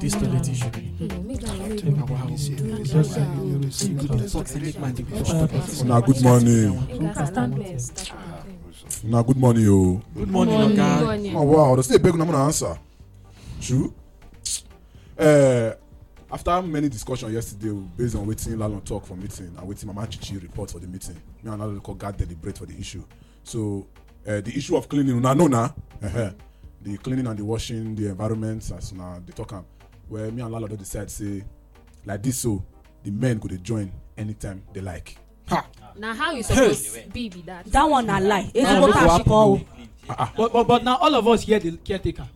distoleti jiri. Na good morning. Na good morning yo. Oh. Good morning oga. Oh wow, the state beg na muna answer. True. Uh, after many discussions yesterday based on wetin lalon talk for meeting and wetin mama chichi report for the meeting me and lalon koga deliberate for the issue so uh, the issue of cleaning una know na the cleaning and the washing the environment as una dey talk am Well, me and landlord decide say like this so the men go dey join anytime they like. Ha. na how you suppose hey. be be that. that one na lie ezigbo cash call. but but but na all of us here, the caretaker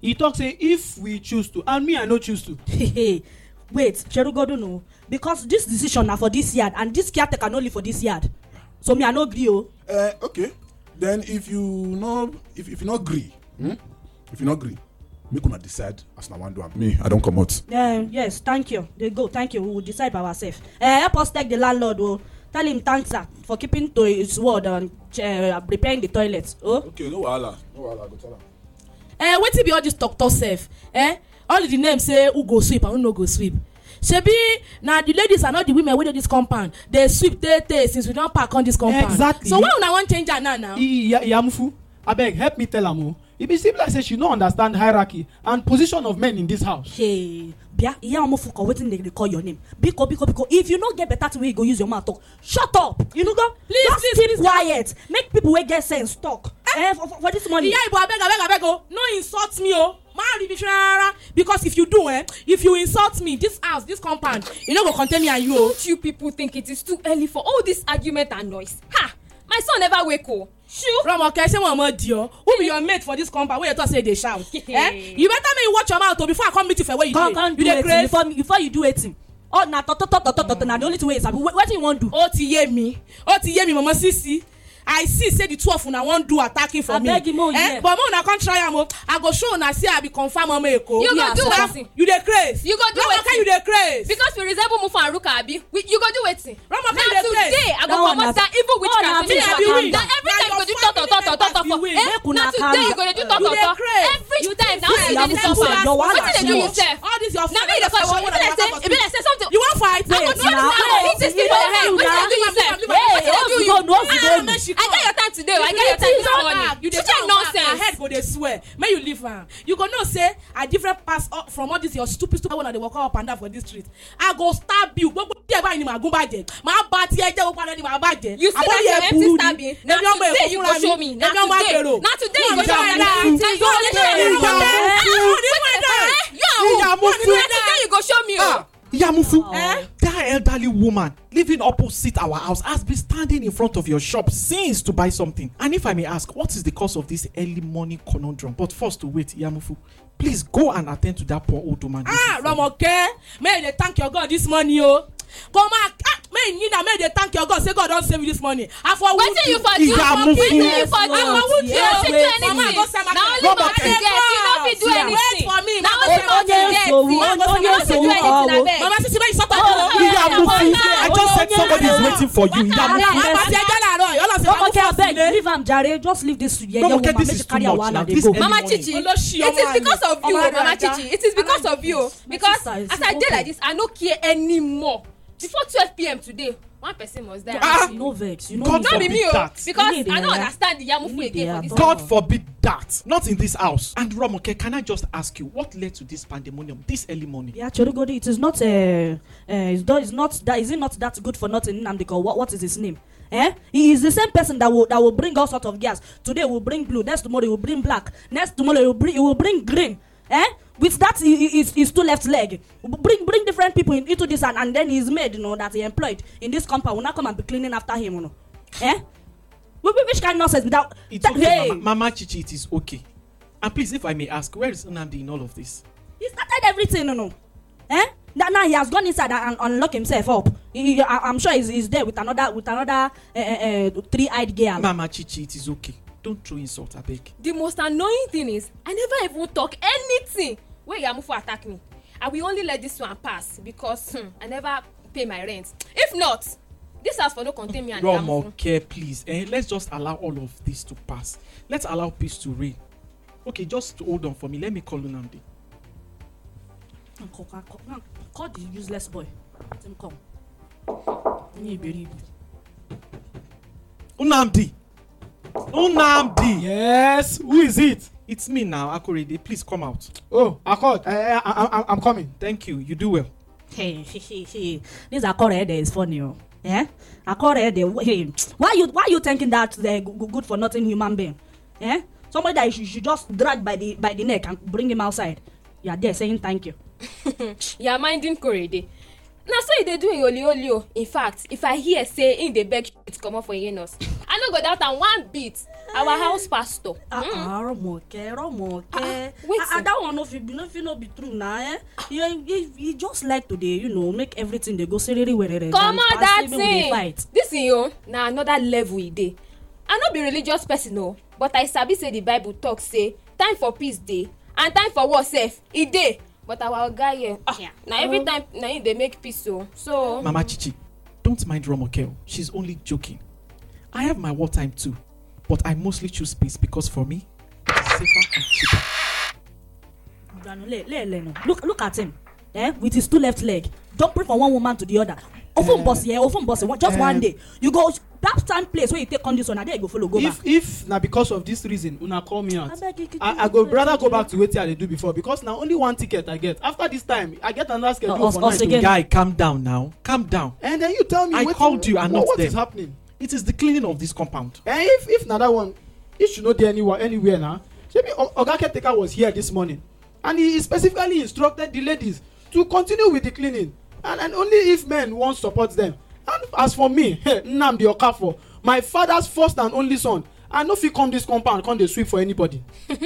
he talk say if we choose to and me i no choose to. wait cherugodun o because this decision na for this yard and this caretaker no live for this yard so me i no gree o. Uh, eh, okay then if you no if, if you no gree hmm? if you no gree make una decide as na wan do am me i don comot. Um, yes thank you dey go thank you we will decide by ourselves uh, help us take the landlord o oh. tell him thanks ah for keeping to his word and eh, uh, repairing the toilet. Oh? okay no wahala no wahala go tell am. Uh, wetin be all this talk talk sef eh? all the name say who go sweep and who no go sweep shebi na the ladies and all the women wey dey this compound dey sweep tey tey since we don park on this compound. exactly so why una wan change am now now. iyamufu abeg help me tell am o. Oh e be simple, like say she no understand hierarchy and position of men in this house. hey bia iya omofuko wetin dey dey call your name biko biko biko if you no get better thing wey you go use your mouth talk shut up you no go please, just please, keep please, quiet make people wey get sense talk eh, eh for, for, this money. ìyá ìbò abeg abeg abeg o oh. no insult me o oh. máa rí mi rárá because if you do eh if you insult me this house this compound e no go contain me and you o. Oh. don't you people think it is too early for all this argument and noise ha my son never wake o. Shoo. Romoke say one more dear. Who be your mate for this compound where you talk say dey shout? eh? You better make you watch your mouth o before I come meet you for where you dey. Come come do wetin before before you do wetin. Oh na tọtọtọtọtọtọ na the only thing wey you sabi wetin you wan do. O ti ye mi, o ti ye mi mama sisi i see say the two of una wan do attacking for me eh but make una come try am o i go show una say i be confam ọmọ èkó you go do wetin you dey craze you go do wetin ramaka you dey craze because we resemble mufu and ruka abi you go do wetin ramaka you dey craze na today i go comot that even with craft me abi win na oh, every time you go do tọtọ tọtọ tọtọ for eh na today you go dey do tọtọ tọtọ every time na only you dey do tọtọ wetin dey do you sef na me you dey call you e be like say e be like say something you wan fight wait na i go do wetin i go do wetin dey do you sef phone once you don reach. i get your time today o i get your time this morning you dey talk nonsense. her head go dey swell make you leave am you go know say i different pass up from all this your stupid stupid una dey waka up and down for this street i go stab you gbogbo bí ẹ báyìí ni màá gún bàjẹ́ màá bá tiẹ̀ jẹ́ gbogbo ara ni màá bàjẹ́ àbọ̀yẹ burú ni ẹbí ọmọ èkó today. You go show me. na today today. you go show me na today you go show me na today you go show me o. Yamufu, oh. eh? that elderly woman living opposite our house has been standing in front of your shop since to buy something. And if I may ask, what is the cause of this early morning conundrum? But first, to wait, Yamufu, please go and attend to that poor old woman. Ah, Ramoke, may I thank your God this morning, oh come out may you na may dey thank your god say god don save you this morning i for wound you you for wound you i for wound you yes wait mama go sell my car go back there wait for me mama go sell my car mama go sell my car mama sisi may you suffer for me i just said somebody is waiting for you yamu fi mama ti ẹjọ laarọ yọlọ sẹ mama go sell me leave am jare just leave this yeye wo mama make she carry her wahala dey go mama chichi it is because of you mama chichi it is because of you because as i dey like this i no care anymore before twelve pm today one person must die. ah no vex you know god forbid me that because i no understand the yamufu again for this god forbid that not in this house and romoke can i just ask you what led to this pandemonium this early morning. yeah chorugodi it is not uh, uh, it's not, not that is it not that good for nothing nnamdiko what what is his name. Eh? He is the same person that will that will bring all sorts of gas. Today will bring blue, next tomorrow he will bring black, next tomorrow he will bring he will bring green. Eh? with that his his two left leg bring bring different people in, into this and and then his made, you know that he employed in this compound will now come and be cleaning after him you know eh which kind of nonsense be that. it's okay hey. mama, mama chichi it is okay and please if i may ask where is nnamdi in all of this. he started everything you know eh that now he has gone inside and, unlock himself up he, he, i'm sure he's, he's there with another with another uh, uh, three-eyed girl. mama chichi it is okay don't throw insult abeg. the most annoying thing is i never even talk anything wey yamufu attack me i will only let this one pass because hmm, i never pay my rent if not this house for no contain me and yamufu. yomoke okay, please eh, let's just allow all of this to pass let's allow peace to reign okay just hold on for me let me call Unamdi. call, call, the useless boy let him come ní ìbéèrè ibi. nnamdi nnamdi. yes who is it. It's me now, Akorede. Please come out. Oh, Akord, uh, eh, eh, I, I, I'm coming. Thank you. You do well. Hey, hey, hey, This Akorede is funny. Oh. Eh? Akorede, hey. Why you why you thinking that the eh, good for nothing human being? yeah? Somebody that you should just drag by the by the neck and bring him outside. You are there saying thank you. you are minding Korede. na so e dey do im olio in fact if i hear say im dey beg shit comot for im anus i no go doubt am one bit our house pastor. Ah, hmm. ah rọmọkẹ ah, ah, ah, that one no fit be no fit no be true na eh he he he just like to dey you know make everything dey go serere werere. comot dat thing dis thing o na another level e dey i no be religious person o oh, but i sabi say the bible talk say time for peace dey and time for war sef e dey but our oga here ah, yeah. na every time na him dey make peace o oh. so. mama chichi don't mind romoke oh. she's only joking i have my war time too But I mostly choose peace because for me, it safer and cheaper. Look, look at him. Eh? With his two left leg. Don't pray from one woman to the other. Often eh. boss, yeah, often boss, just uh, one day. You go that stand place where you take on and there you go follow go if, back. If now because of this reason, una call me out. I, I, I go rather go back to wetin they do before because now only one ticket I get. After this time, I get another schedule uh, us, for us night. Again. Guy, calm down now. Calm down. And then you tell me. I called you, you and what, not what them. What is happening? it is the cleaning of this compound. and if if na that one, it should not be anywhere anywhere now. Shebi Oga caretaker was here this morning, and he specifically instructed the ladies to continue with the cleaning, and and only if men wan support them. And as for me, Nnamdi okafo, my father's first and only son, I no fit come this compound come dey sweep for anybody.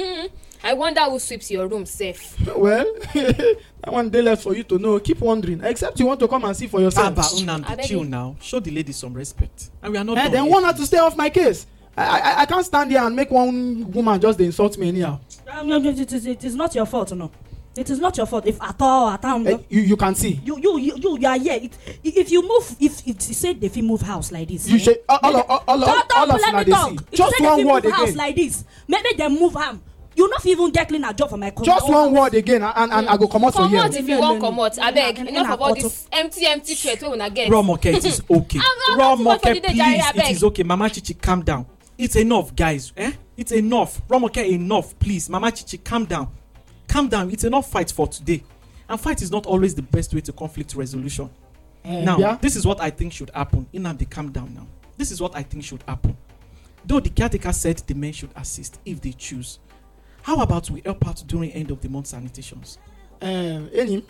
i wonder who sweeps your room sef. well that one dey left for you to know keep wondering except you want to come and see for yourself. aba nnamdi chill now show the lady some respect and we are not. Eh, then warn her to stay off my case I, I i can't stand here and make one woman just dey insult me anyhow. Um, no, no, it, is, it is not your fault no it is not your fault if at all at all. Uh, you you can see. you you you you, are here it, if you move if if you say they fit move house like this. you eh? say all all all all all of una dey see just one word again. make dem move house like this just one word again you no fit even get cleaner job for my country. just one word again and and i go comot for here. comot if you wan comot abeg enough of all this empty empty threat wey una get. raw market it is okay raw market please it is okay mama chichi calm down it's enough guys eh it's enough raw market enough please mama chichi calm down calm down it's enough fight for today and fight is not always the best way to conflict resolution. Mm, now yeah. this is what i think should happen nnamdi calm down now this is what i think should happen though the caretaker said the men should assist if they choose How about we help out during end of the month sanitations? Um, Elim,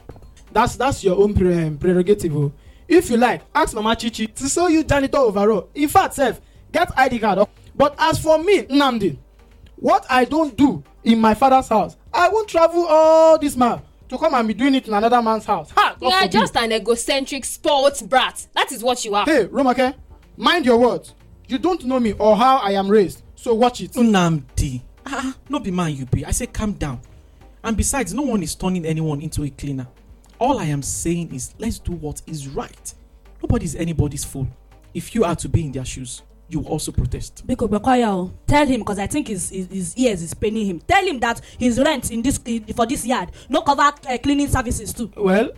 that's that's your own pre um, prerogative. Oh. If you like, ask Mama Chichi to show you janitor overall. In fact, self, get ID card. Oh. But as for me, Namdi, what I don't do in my father's house, I won't travel all this mile to come and be doing it in another man's house. Ha, you are just an egocentric sports brat. That is what you are. Hey, Romake, mind your words. You don't know me or how I am raised, so watch it. Namdi ah no be man you be i say calm down and besides no one is turning anyone into a cleaner all i am saying is let's do what is right nobody is anybody's fool if you are to be in their shoes you will also protest. biko gbekoya o tell him because i think his, his his ears is paining him tell him that his rent in this for this yard no cover uh, cleaning services too. well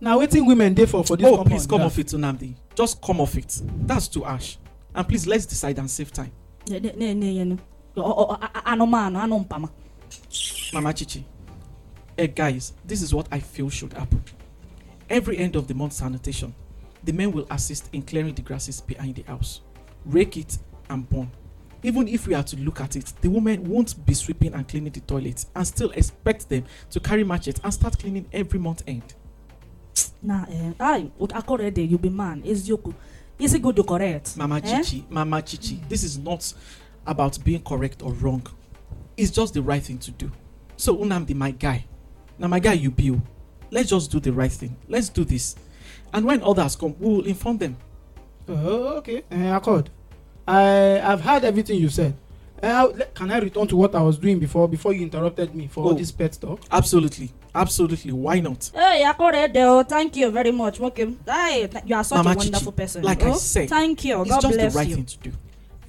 now waiting women dey for for this. oh, compound. please come yeah. off it nnamdi just come off it that's too harsh and please let's decide and save time. ne ne ne yenu. Mama Chichi, hey eh, guys, this is what I feel should happen. Every end of the month sanitation, the men will assist in clearing the grasses behind the house, rake it and burn. Even if we are to look at it, the women won't be sweeping and cleaning the toilets and still expect them to carry machetes and start cleaning every month end. Nah, eh, I would accord you'll be man. Is Yoku. Is it good to correct? Mama eh? Chichi, Mama Chichi, this is not about being correct or wrong. It's just the right thing to do. So Unamdi, my guy, now my guy, you be. Oh. Let's just do the right thing. Let's do this, and when others come, we will inform them. Oh, okay. Uh, accord. I I've heard everything you said. Uh, can I return to what I was doing before before you interrupted me for oh, all this pet talk? Absolutely, absolutely. Why not? Hey, Akorede, eh, thank you very much. Welcome. Hey, you are such Mama a wonderful Chichi, person. Like oh, I said, thank you. God just bless the right you. thing to do.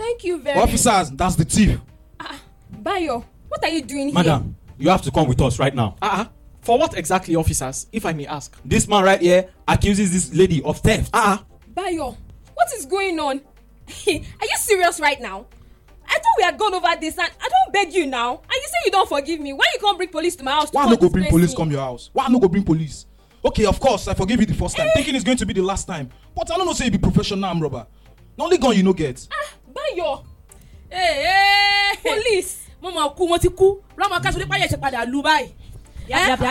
Thank you very Officers, that's the thief. Ah, Bayo, what are you doing Madam, here? Madam, you have to come with us right now. Ah, uh-uh. for what exactly, officers, if I may ask? This man right here accuses this lady of theft. Ah, uh-uh. Bayo, what is going on? are you serious right now? I thought we had gone over this and I don't beg you now. And you say you don't forgive me. Why you can't bring police to my house? Why no go bring police me? come your house? Why no go bring police? Okay, of course, I forgive you the first time. Eh? Thinking it's going to be the last time. But I don't know say you be professional arm robber. Not only gun you no get. Ah báyọ̀ police mo mọ̀ kú wọn ti kú rọ́mọ kásìlẹ̀ páyà ṣe padà lù báyìí.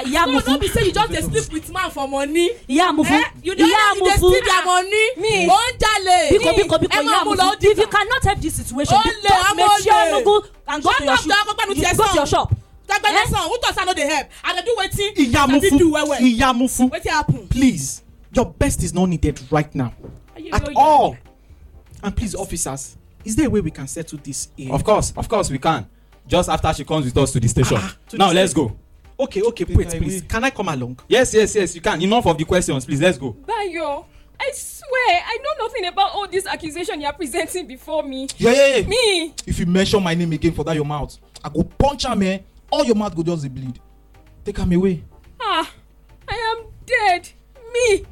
ìyá amúfú eh, so no be say you just dey sleep with man for money. ìyá amúfú eh, ìyá amúfú you dey steal their money. mi ò ń jalè. bíkọ bíkọ bíkọ eh, ìyá amúfú if you cannot help this situation just make sure you go and go to your shop go to your shop tagbele san who talk say i no dey help i dey do wetin i fit do well well iyamufu iyamufu please your best is not needed right now at all and please officers is there a way we can settle this in? Of course, of course we can. Just after she comes with us to the station. Ah, ah to now the let's go. Okay, okay, wait, please. Can I come along? Yes, yes, yes, you can. Enough of the questions, please. Let's go. Bayo, I swear, I know nothing about all this accusation you are presenting before me. Yeah, yeah, yeah. Me. If you mention my name again for that your mouth, I go punch am eh. All your mouth go just dey bleed. Take am away. Ah, I am dead. Me.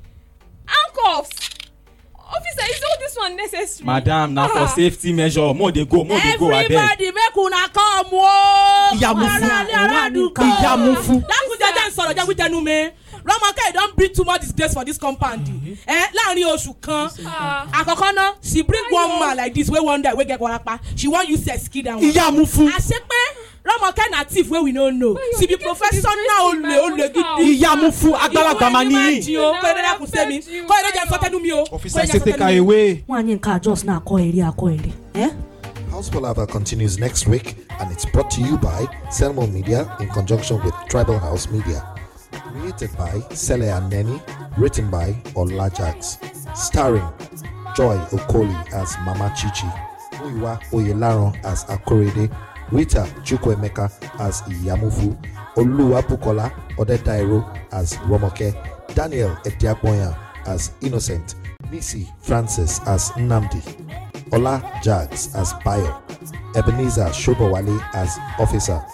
ministry. madam na for ah. safety measure mo dey go mo dey go abeg. everybody make una come o. ìyàmùfù ìyàmùfù ìyàmùfù. dákun jẹjẹ sọ̀rọ̀ jẹ́ wíjẹnu mi rọmọkẹ́ don bring too much disgrace for this compound ẹ mm-hmm. eh, láàrin oṣù kan ah. àkọ́kọ́ náà she bring one man like this wey wonder wey get warapa she wan use sex kill am. ìyàmùfù. àṣepẹ́ Rọ́mọkẹ́ na thief wey we no know. She be professional olè olè gidi. Ìyàmú fún àgbàlagbà máa níyì. Ìwé ni máa di o, kò ẹ̀rẹ́dá sẹ́mi, kò ẹ̀rẹ́dá sọ́tẹ́nu mi o. Officer ṣe take her away. á ní nǹkan àjọs náà kọ́ èrè àkọ́ èrè. House Palava continues next week and it's brought to you by Selmo Media in conjunction with Tribal House Media. Created by Sele Aneni, written by Olajax. Starring Joy Okoli as Mama Chichi, Uiwa Oyelaron as Akorede, Rita Chukwuemeka as Iyamufu, Oluwabukola Odetairo as Romoke, Daniel Ediapoyan as Innocent, Nisi Francis as Nnamdi, Ola Jags as Bayo, Ebenezer Shobowale as Officer.